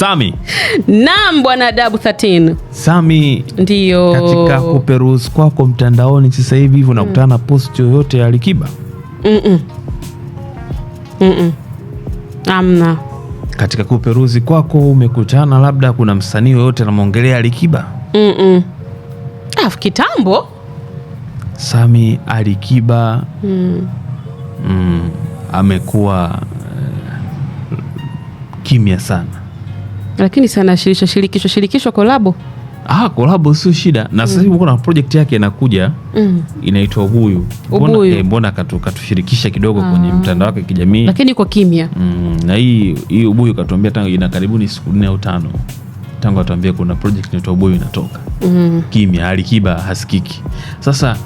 Sami. Naam bwana Dabu 13. Sami. Ndio. Katika kuperuzi kwako mtandaoni sasa hivi hivi unakutana na mm. post yoyote ya Alikiba? Mm -mm. Mm -mm. Amna. Katika kuperuzi kwako umekutana labda kuna msanii yoyote anamwongelea Alikiba? Mm -mm. Afu kitambo. Sami Alikiba mm. Mm, amekuwa uh, kimya sana lakini sana shirikisho shirikisho shirikisho kolabo Ah, kolabo sio shida na sasa mm. hivi kuna project yake inakuja mm. inaitwa Ubuyu. mbona eh, katu, katushirikisha kidogo kwenye ah. mtandao wake kijamii lakini kwa kimya mm, na hii hii Ubuyu katuambia tangu ina karibuni siku nne au tano tangu atuambia kuna project inaitwa Ubuyu inatoka mm. kimya, Alikiba hasikiki. Sasa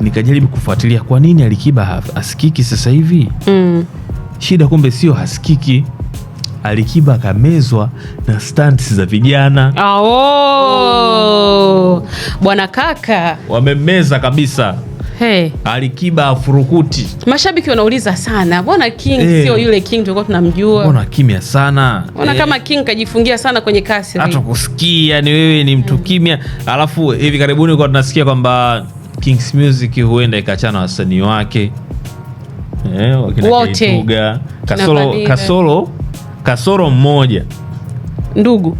nikajaribu kufuatilia kwa nini Alikiba hasikiki sasa hivi mm. shida kumbe sio hasikiki Alikiba akamezwa na stunts za vijana. Oh, bwana kaka, wamemeza kabisa. Hey. Alikiba afurukuti. Mashabiki wanauliza sana, mbona King hey, eh. sio yule King tulikuwa tunamjua? Mbona kimya sana? Mbona hey, eh. kama King kajifungia sana kwenye kasi, Hata kusikia ni wewe ni mtu kimya. Alafu hivi karibuni kwa tunasikia kwamba King's Music huenda ikachana wasanii wake. Eh, wakina Kasoro kasoro kasoro mmoja ndugu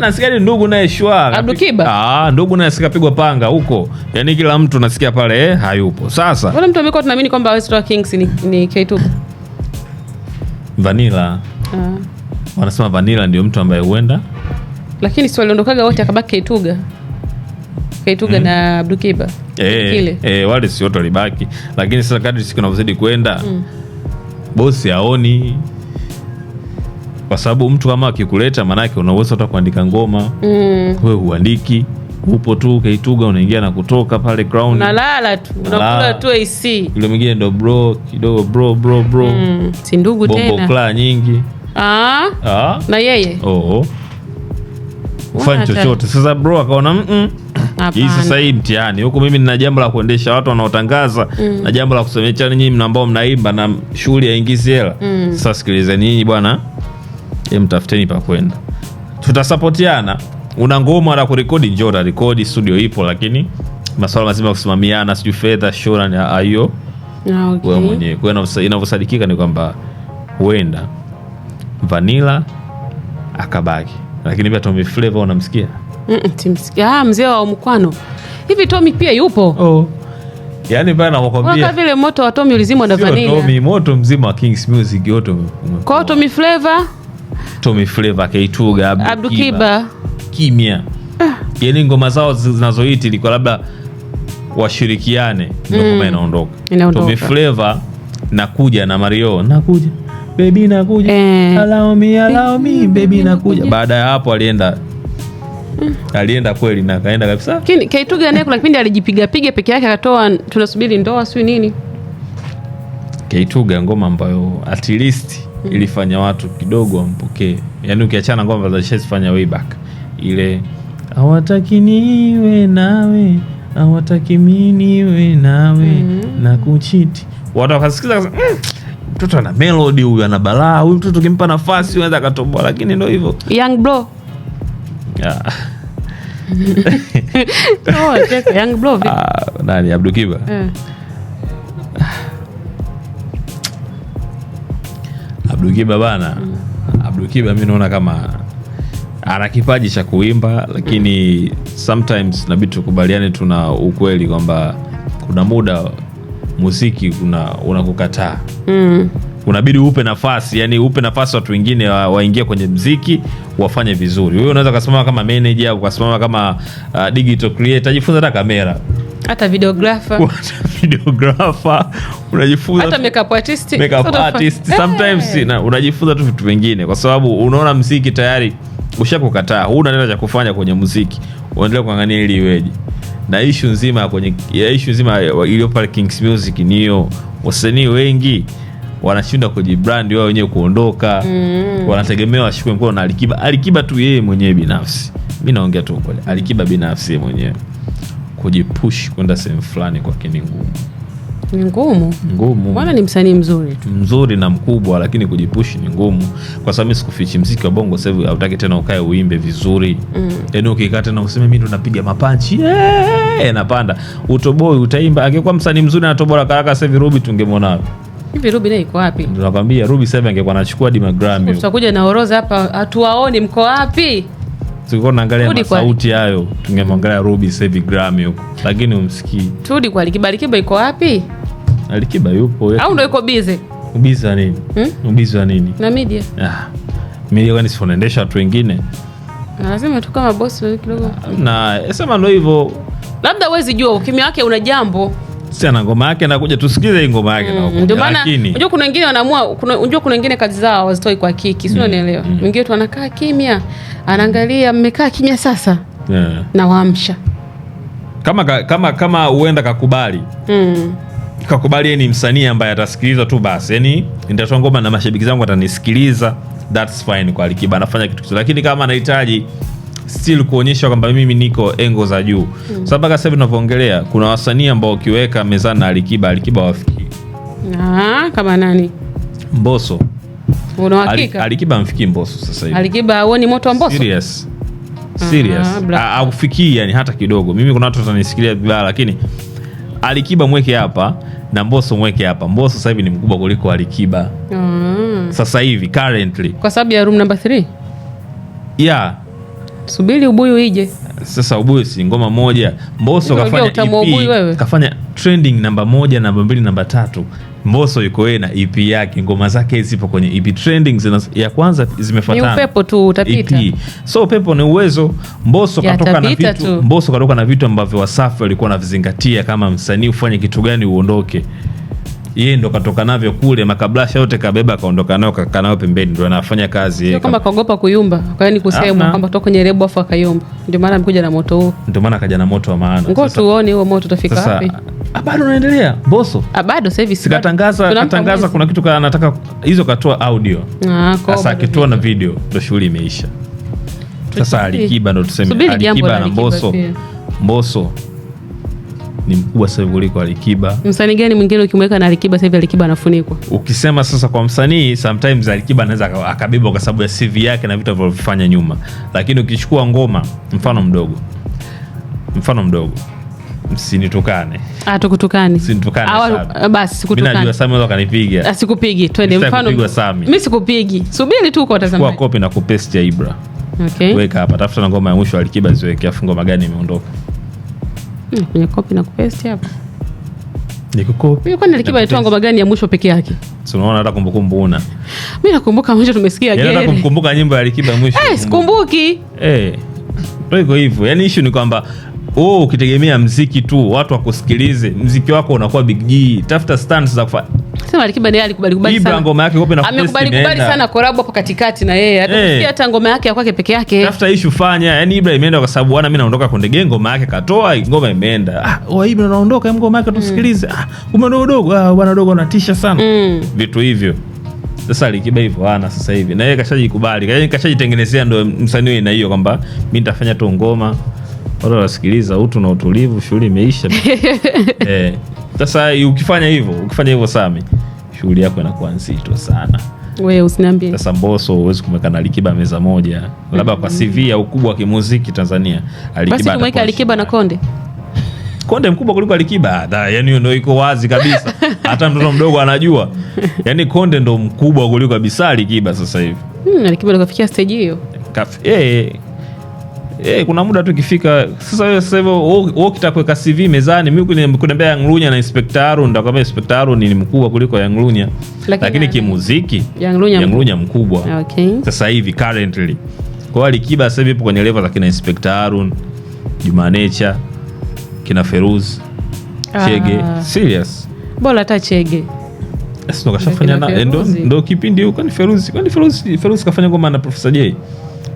nasikia ndugu naye shwa Abdukiba. Ah, ndugu naye sikapigwa panga huko, yani kila mtu nasikia pale eh, hayupo. Sasa Wale mtu amekuwa tunaamini kwamba West Rock Kings ni, ni K2 Vanilla. Ah. Wanasema Vanilla ndio mtu ambaye huenda, lakini si waliondokaga wote akabaki K2ga Kaituga mm. na Abdukiba e, eh, eh, wale si wote walibaki, lakini sasa kadri siku inavyozidi kwenda mm. bosi aoni kwa sababu mtu kama akikuleta, maanake una uwezo hata kuandika ngoma mm. Wewe huandiki, upo tu kaituga, unaingia na kutoka pale ground, unalala tu, unakula tu AC. Yule mwingine ndo bro kidogo, bro bro bro mm. si ndugu tena, bombo kla nyingi ah ah, na yeye oh. Ufanye chochote sasa, bro akaona mm, mm. hii sasa hii mtihani huku, mimi nina jambo la kuendesha watu wanaotangaza mm. na jambo la kusemechana nyinyi ambao mnaimba na shughuli yaingizi hela mm. Sasa sikilizeni nyinyi bwana mtafuteni pa kwenda, tutasapotiana. Una ngoma la kurekodi, njoo na rekodi, studio ipo, lakini maswala mazima ya kusimamiana, sijui fedha, shuran aiyo ah, okay. wewe mwenyewe. Kwa hiyo inavyosadikika ni kwamba huenda Vanila akabaki, lakini pia Tommy Flavor unamsikia Ah, mzee wa mkwano hivi. Tommy pia yupo oh. Yani bana nakwambia vile moto wa Tommy ulizimwa na Vanilla. Tommy moto mzima wa Kings Music yote kwa Tommy Flavor Tommy Flavor, Keituga, Abdu Kiba kimya. Ah. Yaani ngoma zao zinazoiti ilikuwa labda washirikiane, ndio mm. inaondoka. Tommy Flavor nakuja na Mario nakuja bebi nakuja eh, allow me, allow me, bebi nakuja. Baada ya hapo alienda mm. alienda kweli na kaenda kabisa. Keituga naye kuna kipindi alijipigapiga peke yake akatoa tunasubiri ndoa sio nini. Keituga ngoma ambayo at least ilifanya watu kidogo wampokee, yaani ukiachana ngoma zalishazifanya way back ile hawataki niwe nawe hawataki mi niwe nawe mm. na kuchiti watu wakasikiza mm, mtoto ana melodi huyu ana balaa huyu mtoto ukimpa nafasi unaweza akatoboa, lakini ndo hivyo young bro yeah. oh, young bro ah, nani Abdukiba yeah. Abdukiba bana, Abdukiba mi naona kama ana kipaji cha kuimba, lakini sometimes nabidi tukubaliane, tuna ukweli kwamba kuna muda muziki unakukataa mm. Unabidi upe nafasi, yani upe nafasi watu wengine waingie wa kwenye mziki wafanye vizuri. Wewe unaweza ukasimama kama manager, ukasimama kama uh, digital creator, jifunza hata kamera, hata videographer videographer, eh. unajifunza tu vitu vingine kwa sababu unaona mziki tayari ushakukataa, huna neno cha kufanya kwenye mziki, uendelea kuangania ili iweje na ishu nzima kwenye ya ishu nzima iliyo pale Kings Music ni hiyo. Wasanii wengi wanashinda kujibrandi wao wenyewe kuondoka, mm. wanategemea washikwe mkono na Alikiba. Alikiba tu yeye mwenyewe binafsi, mi naongea tu ukweli, Alikiba binafsi yeye mwenyewe kujipush kwenda sehemu fulani kwake ni ngumu ngumu ngumu. Bwana ni msanii mzuri mzuri na mkubwa, lakini kujipushi ni ngumu, kwa sababu mi sikufichi, mziki wa bongo sasa hivi hautaki tena ukae uimbe vizuri, mm. mm. ukikaa tena useme mi ndo napiga mapanchi yeah! napanda utoboi, utaimba. Angekuwa msanii mzuri anatobora karaka, sasa hivi Rubi tungemwona wapi? Hivi Rubi naye iko wapi? Nakwambia Rubi sasa hivi angekuwa anachukua Dima Grammy, tutakuja na orodha hapa, hatuwaoni mko wapi? tulikuwa tunaangalia masauti hayo, tungemwangalia Ruby sasa hivi Grammy huko, lakini umsikii. Turudi kwa Alikiba. Alikiba iko wapi? Alikiba yupo au ndo iko bize? Ubizi wa nini? Hmm? Ubizi wa nini? Na media. Ah. Media kwani si unaendesha watu wengine? Lazima tu kama bosi kidogo. Na sema ndo hivyo. Labda huwezi jua ukimya wake una jambo ana ngoma yake nakuja, tusikize hii ngoma yake. Mm, ndio maana unajua kuna wengine wanaamua, unajua kuna wengine kazi zao hazitoi kwa kiki, sio? Unaelewa? mm. tu anakaa kimya, anaangalia mmekaa kimya sasa, yeah. nawaamsha kama kama kama huenda kakubali mm. kakubali yeye ni msanii ambaye atasikiliza tu basi, yani nitatoa ngoma na mashabiki zangu atanisikiliza, that's fine. Kwa Alikiba anafanya kitu kizuri, lakini kama anahitaji still kuonyesha kwamba mimi niko engo za juu mm. Sasa mpaka sasa hivi tunavyoongelea kuna wasanii ambao ukiweka mezani na Alikiba, Alikiba wafikii ah, kama nani Mboso. Una hakika? Alikiba amfikii Mboso sasa hivi. Alikiba huoni moto wa Mboso? Serious. Serious. Ah, Haufikii yani hata kidogo. Mimi kuna watu watanisikilia vibaya lakini Alikiba mweke hapa na Mboso mweke hapa. Mboso sasa hivi ni mkubwa kuliko Alikiba. Mm. Sasa hivi currently. Kwa sababu ya room number 3? Yeah subiri ubuyu ije. Sasa ubuyu si ngoma moja, mboso kafanya EP, kafanya trending namba moja, namba mbili, namba tatu. mboso yuko yeye na EP yake, ngoma zake zipo kwenye EP trending zina, ya kwanza zimefuatana. Ni upepo tu utapita. E so upepo ni uwezo. mboso katoka na vitu, Mboso katoka na vitu ambavyo Wasafi walikuwa wanavizingatia kama msanii ufanye kitu gani uondoke yeye ndo katoka navyo kule, makabrasha yote kabeba, kaondoka nayo, kaka nayo pembeni, ndo anafanya kazi yeye, kama kaogopa kuyumba, kwa hiyo kusema kwamba toka kwenye lebo afu akayumba, ndio maana amekuja na moto huu, ndio maana akaja na moto wa maana. Ngo tuone huo moto utafika wapi. Ah, bado unaendelea boso, ah, bado sasa hivi sikatangaza, katangaza kuna kitu nataka hizo, katoa audio ah, sasa, akitoa na video ndo shughuli imeisha. Sasa Alikiba ndo tuseme Alikiba na Mbosso, Mbosso ni mkubwa sasa kuliko Alikiba. Msanii gani mwingine ukimweka na Alikiba sasa hivi Alikiba anafunikwa? Ukisema sasa kwa msanii, sometimes Alikiba anaweza akabeba kwa sababu ya CV yake na vitu alivyofanya nyuma, lakini ukichukua ngoma, mfano mdogo, mfano mdogo Msinitukane. Ah, tukutukane. Msinitukane. Ah, basi sikutukane. Mimi najua Sami wao kanipiga. Ah, Twende mfano. Mimi sikupigi. Subiri tu uko watazamaji. Kwa copy na kupaste ya Ibra. Okay. Weka hapa. Tafuta na ngoma ya mwisho Alikiba ziweke afu ngoma gani imeondoka. Hmm, kwenye copy na kupaste hapa. Nikukopi. Kwani Alikiba alitoa ngoma gani ya mwisho peke yake? Si unaona hata kumbukumbu una. Mimi nakumbuka mwisho tumesikia gani, Nataka kumkumbuka nyimbo ya Alikiba mwisho. Eh, sikumbuki. Eh. Ndio iko hivyo. yani, issue ni kwamba wewe ukitegemea mziki tu watu wakusikilize, mziki wako unakuwa big G. Tafuta stands za kufanya sema Alikiba alikubali kubali sana. Ngoma yake kope na amekubali kubali sana collab hapo katikati na yeye. Hata hey. Eh. Hata ngoma yake ya kwake peke yake. Tafuta issue fanya. Yaani Ibra imeenda kwa sababu wana mimi naondoka Konde Gang ngoma yake katoa ngoma imeenda. Ah, wewe oh, Ibra unaondoka yaani ngoma yake mm. tusikilize. Mm. Ah, kumbe dogo. Ah, bwana dogo anatisha sana. Mm. Vitu hivyo. Sasa Alikiba hivyo ana sasa hivi. Na yeye kashajikubali. Yaani kashajitengenezea ndo msanii wewe na hiyo kwamba mimi nitafanya tu ngoma. Watu wasikiliza utu na utulivu, shughuli imeisha. Eh. Sasa ukifanya hivyo ukifanya hivyo Sami, shughuli yako inakuwa nzito sana. Wewe usiniambie. Sasa Mbosso huwezi kumweka na Alikiba meza moja, labda kwa mm. CV au ukubwa wa kimuziki Tanzania. Alikiba basi tumweke Alikiba na Konde. Konde mkubwa kuliko Alikiba, yaani hiyo ndio iko wazi kabisa, hata mtoto mdogo anajua. Yaani Konde ndo mkubwa kuliko kabisa Alikiba sasa hivi. Hmm, Alikiba ndo kafikia stage hiyo. Kaf, eh, Eh, kuna muda tu kifika Sasa wewe sasa hivyo wewe ukitakuweka CV mezani, mimi kuniambia Young Lunya na Inspector Harun, nitakwambia Inspector Harun ni mkubwa kuliko Young Lunya. Lakini, lakini kimuziki Young Lunya, Young Lunya mkubwa. Okay. Sasa hivi currently. Kwa hiyo Alikiba sasa hivi ipo kwenye level za kina Inspector Harun, Juma Nature, kina Feruz, ah. Chege, serious. Bora hata Chege. Sasa ndo kashafanya na eh, ndo kipindi huko ni Feruz. Kwani Feruz Feruz kafanya ngoma na Professor Jay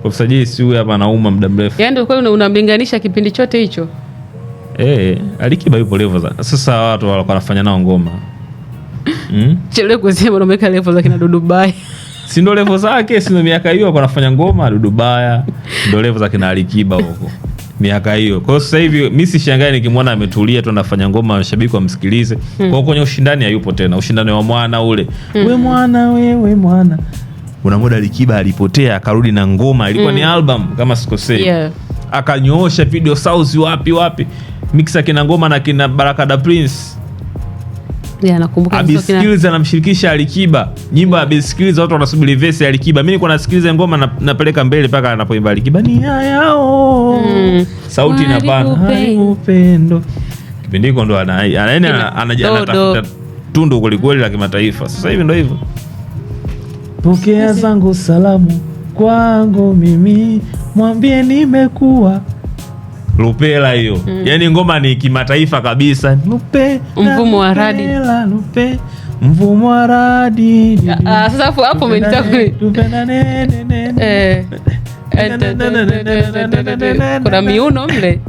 ofsaje si huyu hapa anauma muda mrefu. Yaani ndio kweli unamlinganisha kipindi chote hicho eh? Alikiba yupo level za sasa, watu walikuwa wanafanya nao ngoma mm? Chele Chelewe kusema unaweka level za kina Dudu si ndio level zake, si ndio miaka hiyo alikuwa anafanya ngoma Dudu Ndio level za kina Alikiba huko miaka hiyo. Kwa hiyo sasa hivi mi sishangae nikimwona ametulia tu anafanya ngoma, mashabiki wamsikilize. Hmm. Kwa hiyo kwenye ushindani hayupo tena, ushindani wa mwana ule, hmm. we mwana wewe mwana kuna muda Alikiba alipotea akarudi na ngoma ilikuwa mm. ni album kama sikosei yeah. akanyoosha video sauzi wapi wapi mixa kina ngoma na kina Baraka da Prince yeah, nakumbuka kina... anamshirikisha Alikiba nyimbo mm. Abisikiliza watu wanasubiri vesi Alikiba. Mimi nilikuwa nasikiliza ngoma na, napeleka mbele mpaka anapoimba Alikiba ni hayao oh. mm. sauti inapana upendo kipindi hiko ndo anaenda anatafuta tundu kwelikweli la kimataifa. Sasa hivi ndo hivyo. Pokea zangu salamu kwangu mimi, mwambie nimekuwa Lupela hiyo mm. Yaani ngoma ni kimataifa kabisa. Lupe, mvumo wa radi, lupe mvumo wa radi. Sasa hapo umenita kuna miuno mle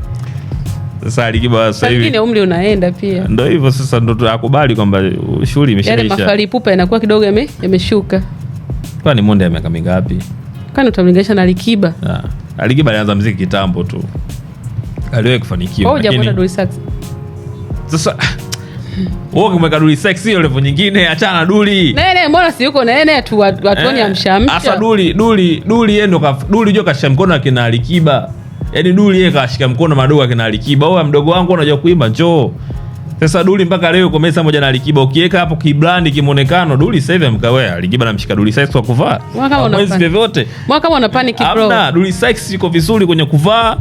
sasa umri unaenda pia, ndo hivyo sasa, ndo akubali kwamba shughuli imeshaisha, mafaripupa inakuwa kidogo yameshuka kwa ni Monde ya miaka mingapi? Kwani utamlinganisha na Alikiba? Ah, Alikiba alianza muziki kitambo tu. Aliwahi kufanikiwa. Kwa hiyo Dully Sax. Sasa wewe kumweka Dully Sax hiyo level nyingine, achana Dully. Nene mbona si yuko nene tu watuoni eh, amshamsha. Asa Dully, Dully, Dully yeye ndo Dully jo kashika mkono akina Alikiba. Yaani Dully yeye kashika mkono madogo akina Alikiba. Wewe mdogo wangu unajua kuimba njoo. Sasa Duli mpaka leo yuko meza pamoja na Alikiba. Ukiweka hapo kibrandi kimonekano, Duli sasa hivi amkawea Alikiba na mshika Duli Sykes kwa kuvaa. Mwezi vyovyote. Mwaka una panic bro. Hamna, Duli Sykes yuko vizuri kwenye kuvaa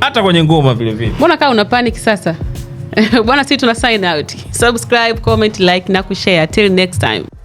hata kwenye ngoma vile vile. Mbona kama una panic sasa? Bwana sisi tuna sign out. Subscribe, comment, like na kushare. Till next time.